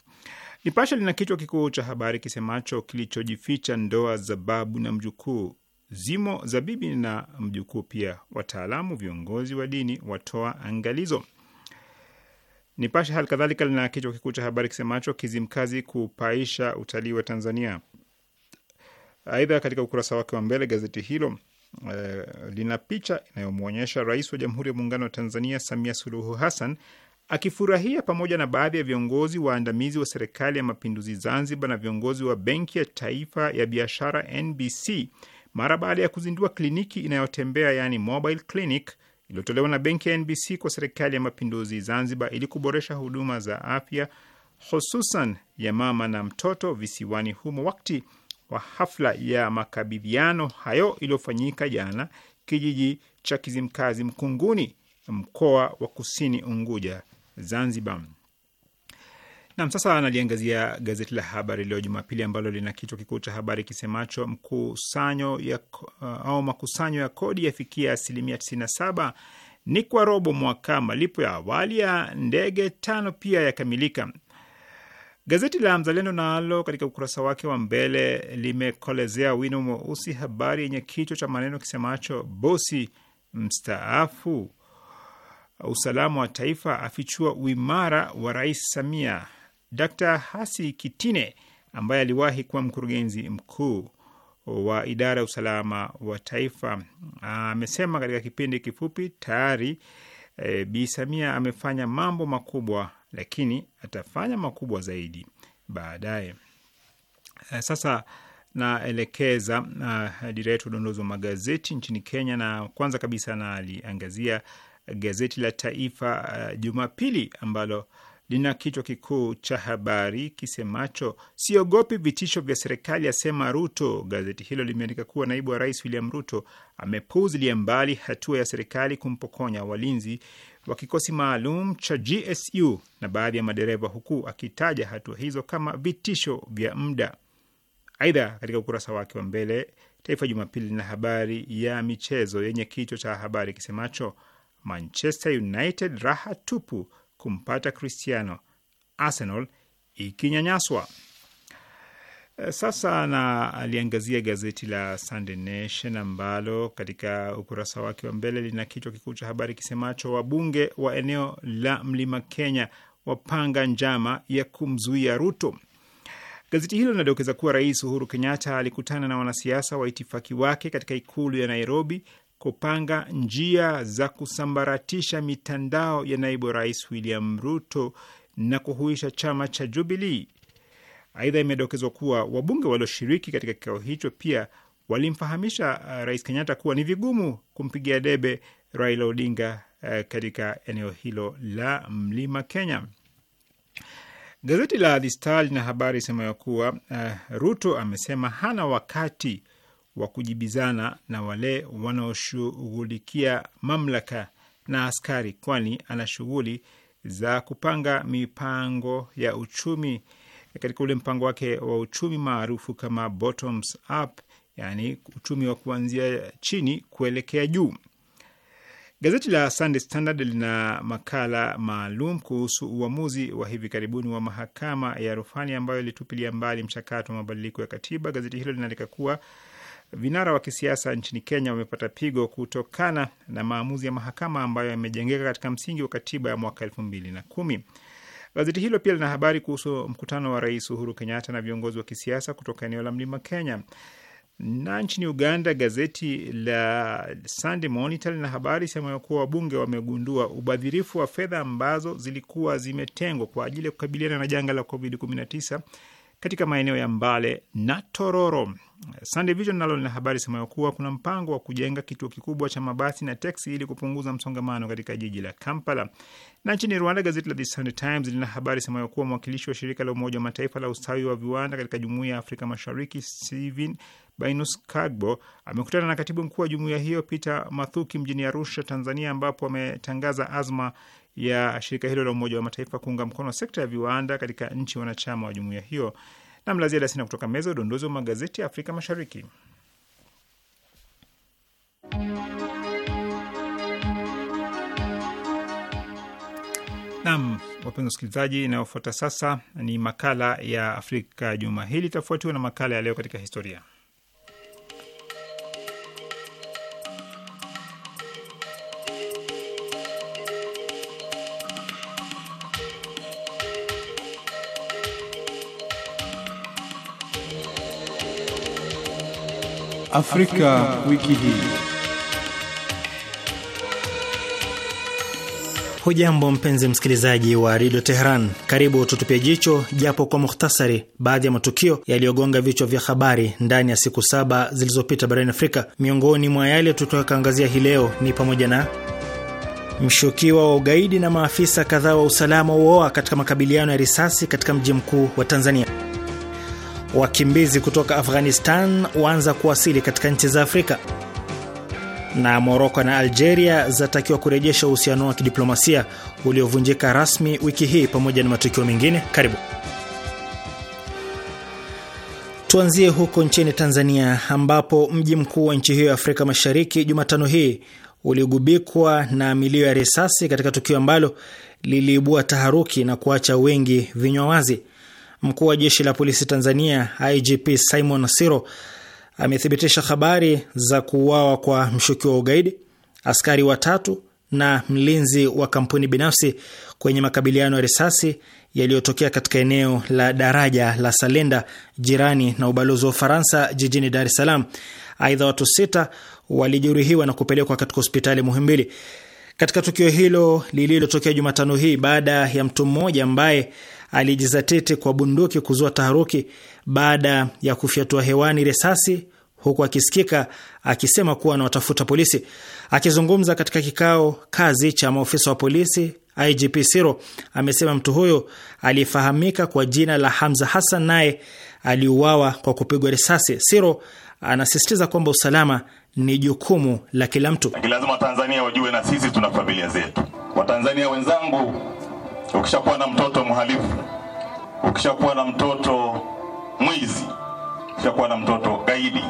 Nipasha lina kichwa kikuu cha habari kisemacho kilichojificha ndoa za babu na mjukuu zimo za bibi na mjukuu, pia wataalamu, viongozi wa dini watoa angalizo. Nipashe hali kadhalika lina kichwa kikuu cha habari kisemacho Kizimkazi kupaisha utalii wa Tanzania. Aidha, katika ukurasa wake wa mbele gazeti hilo e, lina picha inayomwonyesha Rais wa Jamhuri ya Muungano wa Tanzania Samia Suluhu Hassan akifurahia pamoja na baadhi ya viongozi waandamizi wa serikali ya mapinduzi Zanzibar na viongozi wa Benki ya Taifa ya Biashara NBC mara baada ya kuzindua kliniki inayotembea yaani mobile clinic iliyotolewa na benki ya NBC kwa serikali ya mapinduzi Zanzibar ili kuboresha huduma za afya hususan ya mama na mtoto visiwani humo. Wakati wa hafla ya makabidhiano hayo iliyofanyika jana kijiji cha Kizimkazi Mkunguni, mkoa wa Kusini Unguja, Zanzibar. Nam, sasa analiangazia gazeti la Habari Leo Jumapili ambalo lina kichwa kikuu cha habari kisemacho mkusanyo ya, uh, au makusanyo ya kodi yafikia asilimia 97 ni kwa robo mwaka. Malipo ya awali ya ndege tano pia yakamilika. Gazeti la Mzalendo nalo katika ukurasa wake wa mbele limekolezea wino mweusi habari yenye kichwa cha maneno kisemacho bosi mstaafu usalama wa taifa afichua uimara wa Rais Samia. Dr Hasi Kitine ambaye aliwahi kuwa mkurugenzi mkuu wa idara ya usalama wa taifa amesema katika kipindi kifupi tayari e, Bi Samia amefanya mambo makubwa, lakini atafanya makubwa zaidi baadaye. E, sasa naelekeza na dira yetu udondozi wa magazeti nchini Kenya, na kwanza kabisa naliangazia gazeti la Taifa e, Jumapili ambalo lina kichwa kikuu cha habari kisemacho siogopi vitisho vya serikali, asema Ruto. Gazeti hilo limeandika kuwa naibu wa rais William Ruto amepuuzilia mbali hatua ya serikali kumpokonya walinzi wa kikosi maalum cha GSU na baadhi ya madereva, huku akitaja hatua hizo kama vitisho vya muda. Aidha, katika ukurasa wake wa mbele Taifa Jumapili lina habari ya michezo yenye kichwa cha habari kisemacho Manchester United raha tupu kumpata Cristiano, Arsenal ikinyanyaswa. Eh, sasa na aliangazia gazeti la Sunday Nation ambalo katika ukurasa wake wa mbele lina kichwa kikuu cha habari kisemacho wabunge wa eneo la mlima Kenya wapanga njama ya kumzuia Ruto. Gazeti hilo linadokeza kuwa Rais Uhuru Kenyatta alikutana na wanasiasa wa itifaki wake katika ikulu ya Nairobi kupanga njia za kusambaratisha mitandao ya naibu rais William Ruto na kuhuisha chama cha Jubilii. Aidha, imedokezwa kuwa wabunge walioshiriki katika kikao hicho pia walimfahamisha uh, Rais Kenyatta kuwa ni vigumu kumpigia debe Raila Odinga uh, katika eneo hilo la Mlima Kenya. Gazeti la The Star lina habari semayo kuwa uh, Ruto amesema hana wakati wa kujibizana na wale wanaoshughulikia mamlaka na askari, kwani ana shughuli za kupanga mipango ya uchumi katika ule mpango wake wa uchumi maarufu kama bottoms up, yani uchumi wa kuanzia chini kuelekea juu. Gazeti la Sunday Standard lina makala maalum kuhusu uamuzi wa hivi karibuni wa mahakama ya rufani ambayo ilitupilia mbali mchakato wa mabadiliko ya katiba. Gazeti hilo linaandika kuwa Vinara wa kisiasa nchini Kenya wamepata pigo kutokana na maamuzi ya mahakama ambayo yamejengeka katika msingi wa katiba ya mwaka elfu mbili na kumi. Gazeti hilo pia lina habari kuhusu mkutano wa Rais Uhuru Kenyatta na viongozi wa kisiasa kutoka eneo la mlima Kenya. Na nchini Uganda, gazeti la Sunday Monitor lina habari semayo kuwa wabunge wamegundua ubadhirifu wa fedha ambazo zilikuwa zimetengwa kwa ajili ya kukabiliana na janga la COVID-19 katika maeneo ya Mbale na Tororo. Sunday Vision nalo lina habari semayo kuwa kuna mpango wa kujenga kituo kikubwa cha mabasi na teksi ili kupunguza msongamano katika jiji la Kampala. Na nchini Rwanda, gazeti la The Sunday Times lina habari semayo kuwa mwakilishi wa shirika la Umoja wa Mataifa la ustawi wa viwanda katika Jumuiya ya Afrika Mashariki Steven Bainus Kagbo amekutana na katibu mkuu wa jumuiya hiyo Peter Mathuki mjini Arusha, Tanzania, ambapo ametangaza azma ya shirika hilo la Umoja wa Mataifa kuunga mkono sekta ya viwanda katika nchi wanachama wa jumuiya hiyo na ya dasina kutoka meza udondozi wa magazeti ya Afrika Mashariki. Nam, wapenzi wasikilizaji, inayofuata sasa ni makala ya Afrika juma hili, itafuatiwa na makala ya leo katika historia. Afrika, wiki hii. Hujambo mpenzi msikilizaji wa redio Teheran, karibu tutupie jicho japo kwa muhtasari baadhi ya matukio yaliyogonga vichwa vya habari ndani ya siku saba zilizopita barani Afrika. Miongoni mwa yale tutakaangazia hii leo ni pamoja na mshukiwa wa ugaidi na maafisa kadhaa wa usalama uoa katika makabiliano ya risasi katika mji mkuu wa Tanzania wakimbizi kutoka Afghanistan waanza kuwasili katika nchi za Afrika, na Moroko na Algeria zatakiwa kurejesha uhusiano wa kidiplomasia uliovunjika rasmi wiki hii, pamoja na matukio mengine. Karibu tuanzie huko nchini Tanzania, ambapo mji mkuu wa nchi hiyo ya Afrika Mashariki Jumatano hii uligubikwa na milio ya risasi katika tukio ambalo liliibua taharuki na kuacha wengi vinywa wazi. Mkuu wa jeshi la polisi Tanzania IGP Simon Siro amethibitisha habari za kuuawa kwa mshukiwa wa ugaidi, askari watatu na mlinzi wa kampuni binafsi kwenye makabiliano ya risasi yaliyotokea katika eneo la daraja la Salenda jirani na ubalozi wa Ufaransa jijini Dar es Salaam. Aidha, watu sita walijeruhiwa na kupelekwa katika hospitali Muhimbili katika tukio hilo lililotokea Jumatano hii baada ya mtu mmoja ambaye alijizatiti kwa bunduki kuzua taharuki baada ya kufyatua hewani risasi huku akisikika akisema kuwa anawatafuta polisi. Akizungumza katika kikao kazi cha maofisa wa polisi, IGP Siro amesema mtu huyo aliyefahamika kwa jina la Hamza Hassan naye aliuawa kwa kupigwa risasi. Siro anasisitiza kwamba usalama ni jukumu la kila mtu. Lakini lazima Watanzania wajue na sisi tuna familia zetu. Watanzania wenzangu Ukishakuwa na mtoto mhalifu, ukishakuwa na mtoto mwizi, ukishakuwa na mtoto gaidi,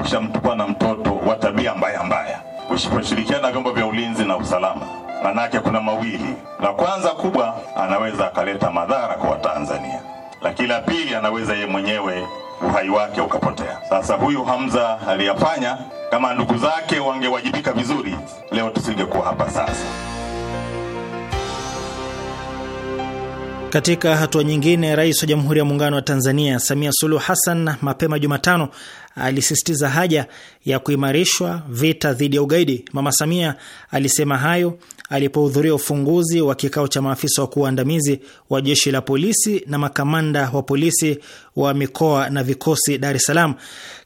ukishakuwa na mtoto wa tabia mbaya mbaya, usiposhirikiana na vyombo vya ulinzi na usalama, manake kuna mawili. La kwanza kubwa, anaweza akaleta madhara kwa Watanzania, lakini la pili, anaweza yeye mwenyewe uhai wake ukapotea. Sasa huyu Hamza aliyafanya, kama ndugu zake wangewajibika vizuri, leo tusingekuwa hapa sasa. Katika hatua nyingine, rais wa Jamhuri ya Muungano wa Tanzania Samia Suluhu Hassan mapema Jumatano alisisitiza haja ya kuimarishwa vita dhidi ya ugaidi. Mama Samia alisema hayo alipohudhuria ufunguzi wa kikao cha maafisa wakuu waandamizi wa jeshi la polisi na makamanda wa polisi wa mikoa na vikosi Dar es Salaam,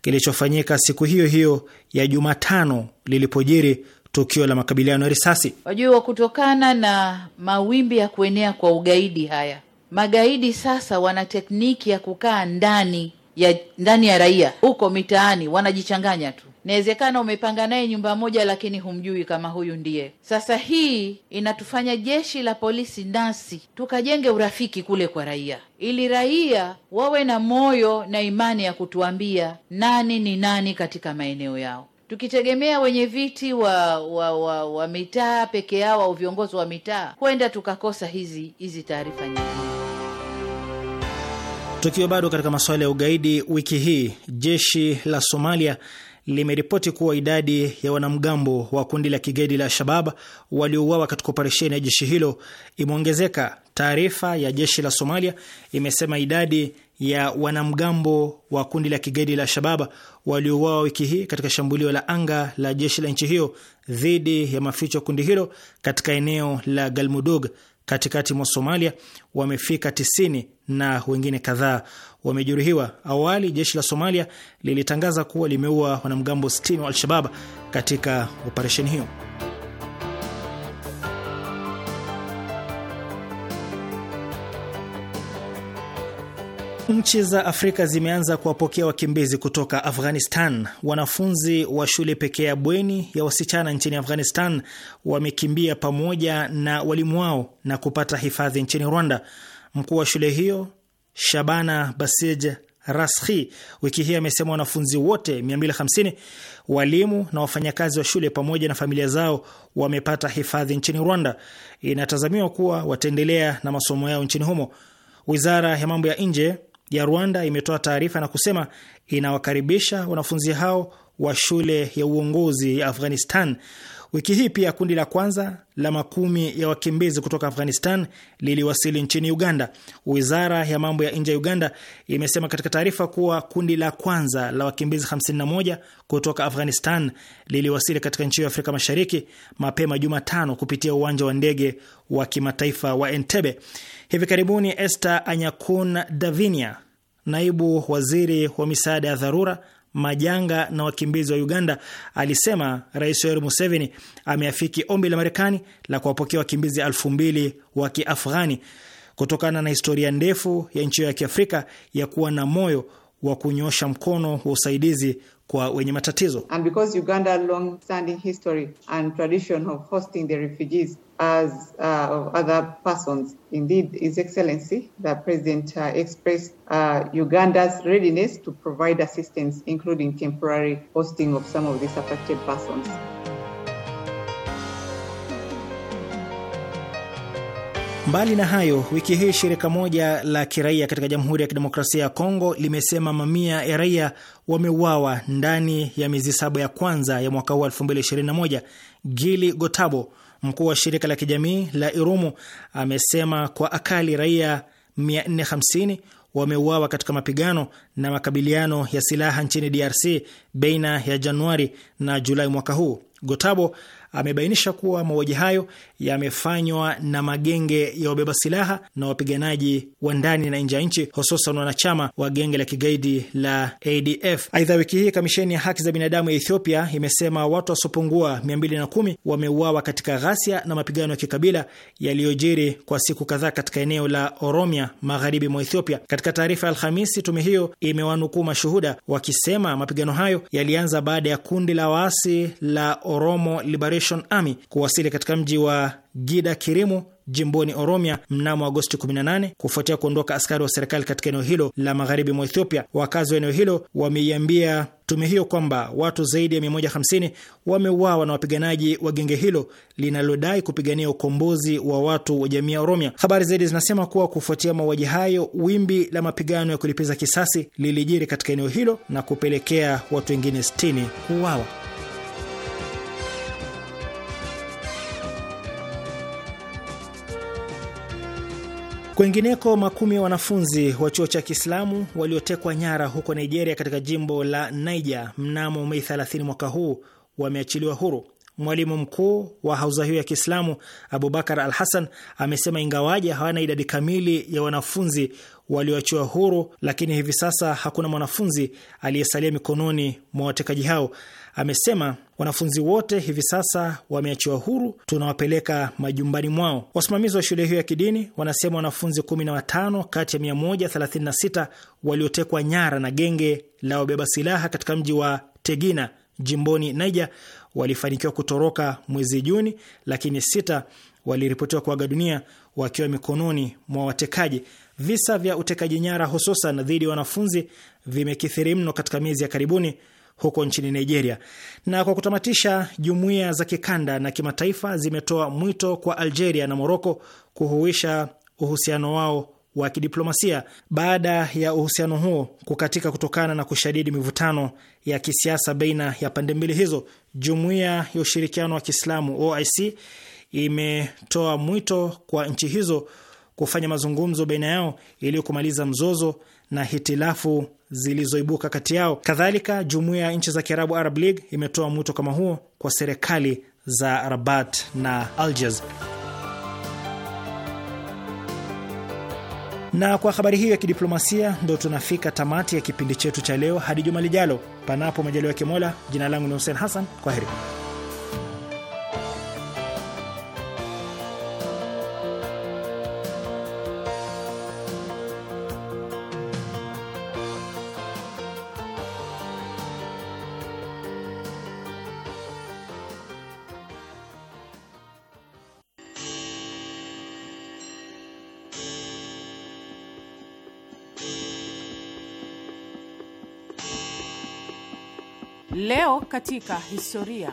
kilichofanyika siku hiyo hiyo ya Jumatano lilipojiri tukio la makabiliano ya risasi. Wajua, kutokana na mawimbi ya kuenea kwa ugaidi, haya magaidi sasa wana tekniki ya kukaa ndani ya ndani ya raia huko mitaani, wanajichanganya tu. Inawezekana umepanga naye nyumba moja, lakini humjui kama huyu ndiye. Sasa hii inatufanya jeshi la polisi nasi tukajenge urafiki kule kwa raia, ili raia wawe na moyo na imani ya kutuambia nani ni nani katika maeneo yao tukitegemea wenye viti wa wa, wa, wa mitaa peke yao au viongozi wa mitaa, huenda tukakosa hizi hizi taarifa nyingi. Tukiwa bado katika masuala ya ugaidi, wiki hii jeshi la Somalia limeripoti kuwa idadi ya wanamgambo wa kundi la kigaidi la shabab waliouawa katika operesheni ya jeshi hilo imeongezeka. Taarifa ya jeshi la Somalia imesema idadi ya wanamgambo wa kundi la kigaidi la Shababa waliouawa wiki hii katika shambulio la anga la jeshi la nchi hiyo dhidi ya maficho ya kundi hilo katika eneo la Galmudug katikati mwa Somalia wamefika tisini na wengine kadhaa wamejeruhiwa. Awali jeshi la Somalia lilitangaza kuwa limeua wanamgambo 60 wa Al-Shabab katika operesheni hiyo. Nchi za Afrika zimeanza kuwapokea wakimbizi kutoka Afghanistan. Wanafunzi wa shule pekee ya bweni ya wasichana nchini Afghanistan wamekimbia pamoja na walimu wao na kupata hifadhi nchini Rwanda. Mkuu wa shule hiyo Shabana Basij Rashi wiki hii amesema wanafunzi wote 250 walimu na wafanyakazi wa shule pamoja na familia zao wamepata hifadhi nchini Rwanda. Inatazamiwa kuwa wataendelea na masomo yao nchini humo. Wizara ya mambo ya nje ya Rwanda imetoa taarifa na kusema inawakaribisha wanafunzi hao wa shule ya uongozi ya Afghanistan Wiki hii pia kundi la kwanza la makumi ya wakimbizi kutoka Afghanistan liliwasili nchini Uganda. Wizara ya mambo ya nje ya Uganda imesema katika taarifa kuwa kundi la kwanza la wakimbizi 51 kutoka Afghanistan liliwasili katika nchi hiyo ya Afrika Mashariki mapema Jumatano kupitia uwanja wa ndege wa kimataifa wa Entebbe. Hivi karibuni Esther Anyakun Davinia, naibu waziri wa misaada ya dharura majanga na wakimbizi wa Uganda, alisema Rais Yoweri Museveni ameafiki ombi la Marekani la kuwapokea wakimbizi elfu mbili wa Kiafghani kutokana na historia ndefu ya nchi hiyo ya Kiafrika ya kuwa na moyo wa kunyosha mkono wa usaidizi kwa wenye matatizo. And because Uganda long standing history and tradition of hosting the refugees as uh, of other persons. Indeed, His Excellency, the President, uh, expressed uh, Uganda's readiness to provide assistance, including temporary hosting of some of these affected persons. Mbali na hayo, wiki hii shirika moja la kiraia katika Jamhuri ya Kidemokrasia ya Kongo limesema mamia ya raia wameuawa ndani ya miezi saba ya kwanza ya mwaka huu 2021. Gili Gotabo Mkuu wa shirika la kijamii la Irumu amesema kwa akali raia 450 wameuawa katika mapigano na makabiliano ya silaha nchini DRC baina ya Januari na Julai mwaka huu. Gotabo amebainisha kuwa mauaji hayo yamefanywa na magenge ya wabeba silaha na wapiganaji wa ndani na nje ya nchi, hususan wanachama wa genge la kigaidi la ADF. Aidha, wiki hii kamisheni ya haki za binadamu ya Ethiopia imesema watu wasiopungua 210 wameuawa katika ghasia na mapigano ya kikabila yaliyojiri kwa siku kadhaa katika eneo la Oromia magharibi mwa Ethiopia. Katika taarifa ya Alhamisi, tume hiyo imewanukuu mashuhuda wakisema mapigano hayo yalianza baada ya kundi la waasi la Oromo Liberation Liberation Army kuwasili katika mji wa Gida Kirimu jimboni Oromia mnamo Agosti 18 kufuatia kuondoka askari wa serikali katika eneo hilo la magharibi mwa Ethiopia. Wakazi wa eneo hilo wameiambia tume hiyo kwamba watu zaidi ya 150 wameuawa na wapiganaji wa genge hilo linalodai kupigania ukombozi wa watu wa jamii ya Oromia. Habari zaidi zinasema kuwa kufuatia mauaji hayo, wimbi la mapigano ya kulipiza kisasi lilijiri katika eneo hilo na kupelekea watu wengine 60 kuuawa. Kwengineko, makumi ya wanafunzi wa chuo cha Kiislamu waliotekwa nyara huko Nigeria katika jimbo la Niger mnamo Mei 30 mwaka huu wameachiliwa huru. Mwalimu mkuu wa hauza hiyo ya Kiislamu Abubakar Al Hassan amesema ingawaje hawana idadi kamili ya wanafunzi walioachiwa huru, lakini hivi sasa hakuna mwanafunzi aliyesalia mikononi mwa watekaji hao. Amesema Wanafunzi wote hivi sasa wameachiwa huru, tunawapeleka majumbani mwao. Wasimamizi wa shule hiyo ya kidini wanasema wanafunzi 15 kati ya 136 waliotekwa nyara na genge la wabeba silaha katika mji wa Tegina jimboni Niger walifanikiwa kutoroka mwezi Juni, lakini sita waliripotiwa kuaga dunia wakiwa mikononi mwa watekaji. Visa vya utekaji nyara hususan dhidi ya wanafunzi vimekithiri mno katika miezi ya karibuni huko nchini Nigeria. Na kwa kutamatisha, jumuiya za kikanda na kimataifa zimetoa mwito kwa Algeria na Moroko kuhuisha uhusiano wao wa kidiplomasia baada ya uhusiano huo kukatika kutokana na kushadidi mivutano ya kisiasa baina ya pande mbili hizo. Jumuiya ya ushirikiano wa Kiislamu OIC imetoa mwito kwa nchi hizo kufanya mazungumzo baina yao ili kumaliza mzozo na hitilafu zilizoibuka kati yao. Kadhalika, jumuiya ya nchi za Kiarabu, Arab League, imetoa mwito kama huo kwa serikali za Rabat na Algiers. Na kwa habari hiyo ya kidiplomasia, ndo tunafika tamati ya kipindi chetu cha leo. Hadi juma lijalo, panapo majaliwa ya Kimola. Jina langu ni Hussein Hassan, kwa heri. Leo katika historia.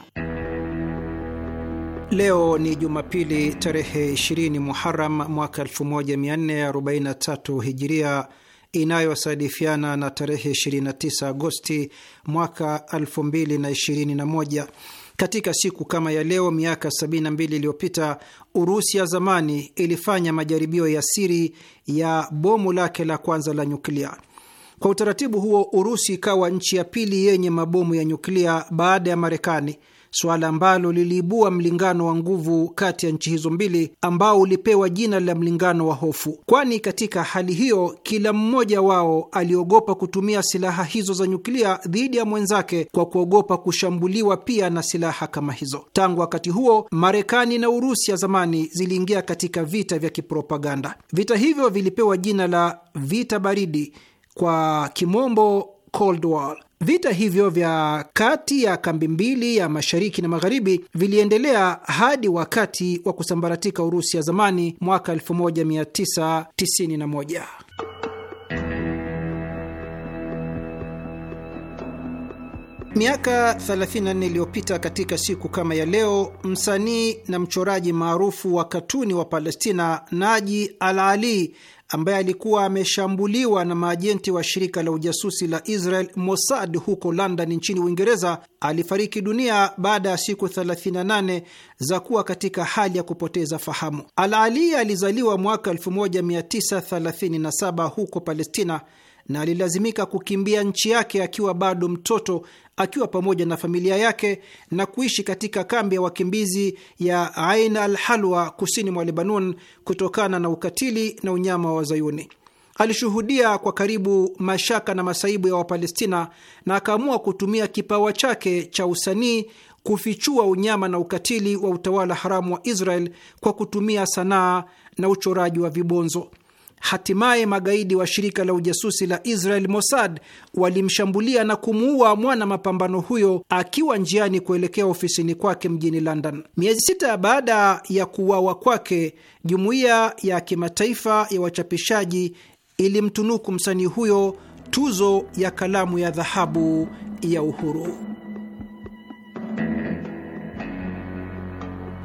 Leo ni Jumapili tarehe 20 Muharam mwaka 1443 Hijiria inayosadifiana na tarehe 29 Agosti mwaka 2021. Katika siku kama ya leo miaka 72 iliyopita Urusi ya zamani ilifanya majaribio ya siri ya bomu lake la kwanza la nyuklia. Kwa utaratibu huo, Urusi ikawa nchi ya pili yenye mabomu ya nyuklia baada ya Marekani, suala ambalo liliibua mlingano wa nguvu kati ya nchi hizo mbili ambao ulipewa jina la mlingano wa hofu, kwani katika hali hiyo kila mmoja wao aliogopa kutumia silaha hizo za nyuklia dhidi ya mwenzake kwa kuogopa kushambuliwa pia na silaha kama hizo. Tangu wakati huo, Marekani na Urusi ya zamani ziliingia katika vita vya kipropaganda. Vita hivyo vilipewa jina la vita baridi kwa kimombo Cold War. Vita hivyo vya kati ya kambi mbili ya mashariki na magharibi viliendelea hadi wakati wa kusambaratika Urusi ya zamani mwaka 1991. Miaka 34 iliyopita katika siku kama ya leo, msanii na mchoraji maarufu wa katuni wa Palestina Naji Al Ali ambaye alikuwa ameshambuliwa na maajenti wa shirika la ujasusi la Israel Mossad huko London nchini Uingereza, alifariki dunia baada ya siku 38 za kuwa katika hali ya kupoteza fahamu. Al Ali alizaliwa mwaka 1937 huko Palestina na alilazimika kukimbia nchi yake akiwa bado mtoto akiwa pamoja na familia yake na kuishi katika kambi ya wakimbizi ya Ain al Halwa kusini mwa Lebanon kutokana na ukatili na unyama wa Wazayuni. Alishuhudia kwa karibu mashaka na masaibu ya Wapalestina na akaamua kutumia kipawa chake cha usanii kufichua unyama na ukatili wa utawala haramu wa Israel kwa kutumia sanaa na uchoraji wa vibonzo. Hatimaye magaidi wa shirika la ujasusi la Israel Mossad walimshambulia na kumuua mwana mapambano huyo akiwa njiani kuelekea ofisini kwake mjini London. Miezi sita baada ya kuuawa kwake, jumuiya ya kimataifa ya wachapishaji ilimtunuku msanii huyo tuzo ya kalamu ya dhahabu ya uhuru.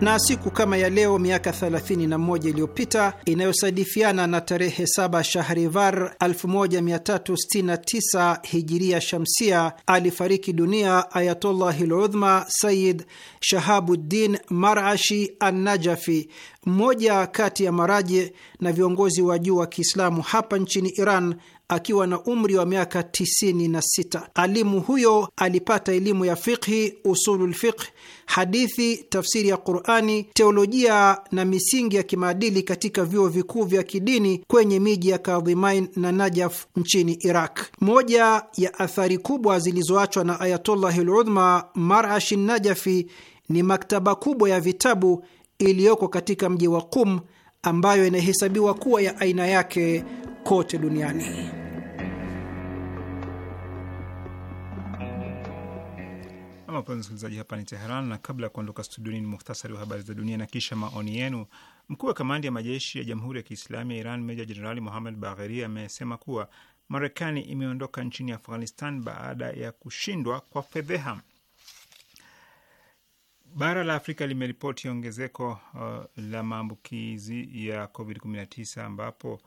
na siku kama ya leo miaka 31 iliyopita inayosadifiana na tarehe 7 Shahrivar 1369 hijiria shamsia alifariki dunia Ayatullahil Udhma Sayid Shahabuddin Marashi Annajafi, mmoja kati ya maraji na viongozi wa juu wa Kiislamu hapa nchini Iran akiwa na umri wa miaka 96. Alimu huyo alipata elimu ya fiqhi, usulul fiqh hadithi, tafsiri ya Qurani, teolojia na misingi ya kimaadili katika vyuo vikuu vya kidini kwenye miji ya Kadhimain na Najaf nchini Iraq. Moja ya athari kubwa zilizoachwa na Ayatullahi Ludhma Marashi Najafi ni maktaba kubwa ya vitabu iliyoko katika mji wa Qum ambayo inahesabiwa kuwa ya aina yake kote duniani. wapenzi msikilizaji, hapa ni Teheran, na kabla ya kuondoka studioni ni muhtasari wa habari za dunia na kisha maoni yenu. Mkuu wa kamandi ya majeshi ya Jamhuri ya Kiislami ya Iran Meja Jenerali Mohamed Bagheri amesema kuwa Marekani imeondoka nchini Afghanistan baada ya kushindwa kwa fedheha. Bara la Afrika limeripoti ongezeko uh, la maambukizi ya COVID-19 ambapo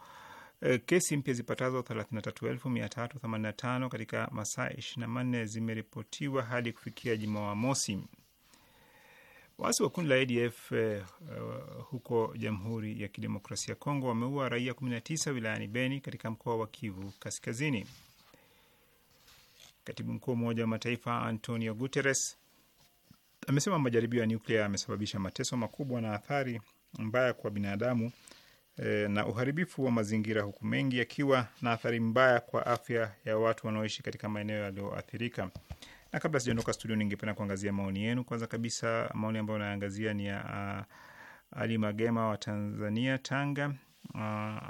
Eh, kesi mpya zipatazo 33385 katika masaa 24 zimeripotiwa hadi kufikia Jumamosi. Waasi wa kundi la ADF uh, eh, eh, huko Jamhuri ya Kidemokrasia ya Kongo wameua raia 19 wilayani Beni katika mkoa wa Kivu Kaskazini. Katibu mkuu wa Umoja wa Mataifa Antonio Guterres amesema majaribio ya nyuklia yamesababisha mateso makubwa na athari mbaya kwa binadamu e, na uharibifu wa mazingira, huku mengi yakiwa na athari mbaya kwa afya ya watu wanaoishi katika maeneo yaliyoathirika. Na kabla sijaondoka studio, ningependa kuangazia maoni yenu. Kwanza kabisa, maoni ambayo naangazia ni ya uh, Ali Magema wa Tanzania, Tanga. Uh,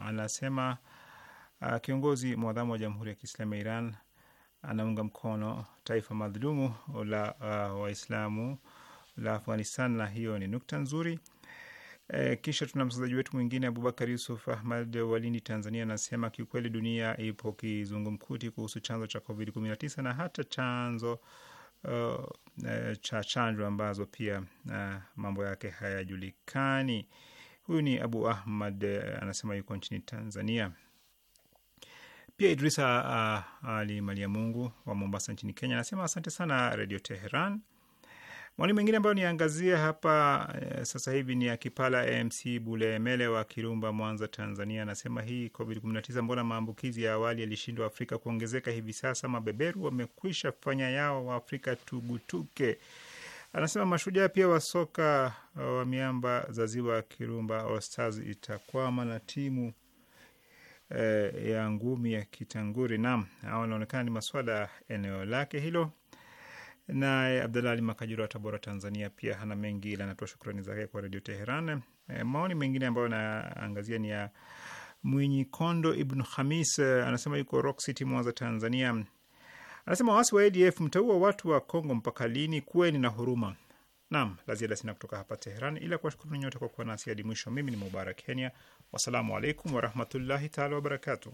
anasema uh, kiongozi mwadhamu wa Jamhuri ya Kiislamu ya Iran anaunga mkono taifa madhulumu la uh, Waislamu la Afghanistan, na hiyo ni nukta nzuri. E, kisha tuna msikilizaji wetu mwingine Abubakar Yusuf Ahmad wa Lindi, Tanzania, anasema kiukweli dunia ipo kizungumkuti kuhusu chanzo cha Covid 19 na hata chanzo uh, cha chanjo ambazo pia uh, mambo yake hayajulikani. Huyu ni Abu Ahmad, uh, anasema yuko nchini Tanzania. Pia Idrisa uh, Ali Maliamungu wa Mombasa nchini Kenya anasema asante sana Radio Teheran Maoni mengine ambayo niangazia hapa e, sasa hivi ni akipala AMC Bulemele wa Kirumba, Mwanza, Tanzania. Anasema hii COVID-19, mbona maambukizi ya awali yalishindwa Afrika kuongezeka hivi sasa? Mabeberu wamekwisha fanya yao, Afrika tugutuke. Anasema mashujaa pia wa soka uh, wa miamba za ziwa Kirumba, All Stars itakwama na timu e, ya ngumi ya Kitanguri. Naam, anaonekana ni maswala eneo lake hilo Naye Abdallah Ali wa Tabora, Tanzania, pia hana mengi ila anatoa shukrani zake kwa Redio Teheran. E, maoni mengine ambayo anaangazia ni ya Mwinyi Kondo Ibn Hamis, eh, anasema yuko Rock City, Mwanza, Tanzania. Anasema waasi wa ADF mtaua watu wa Kongo mpaka lini? Kuweni na huruma. Naam, la ziada sina kutoka hapa Teheran ila kuwashukuru nyote kwa kuwa nasi hadi mwisho. Mimi ni Mubarak Kenya, wassalamu alaikum warahmatullahi taala wabarakatuh.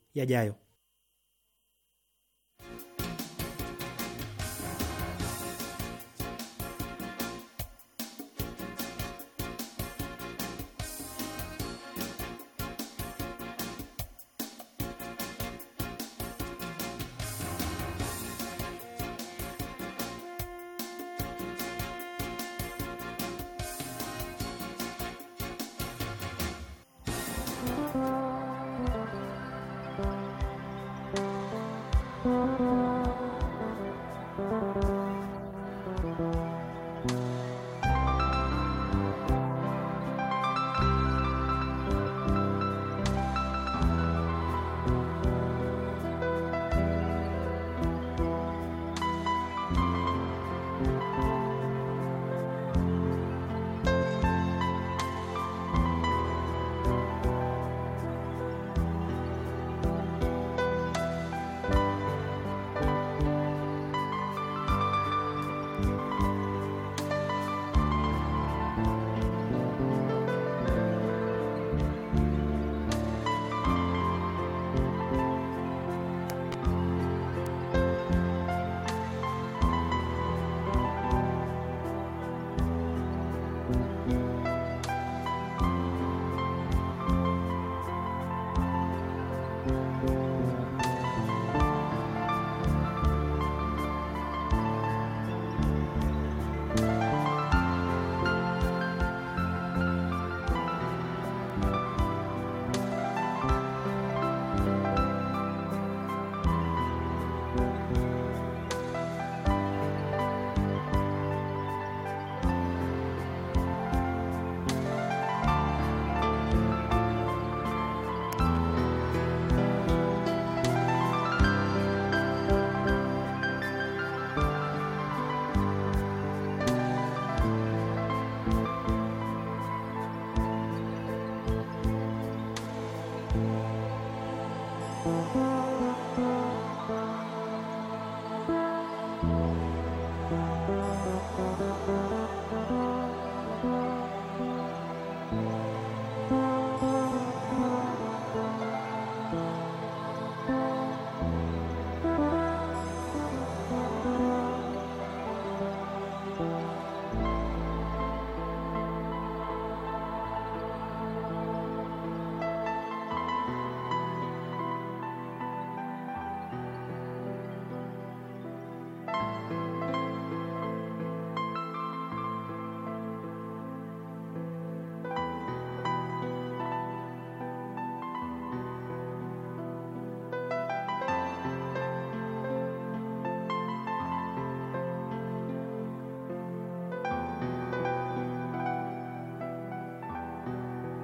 yajayo.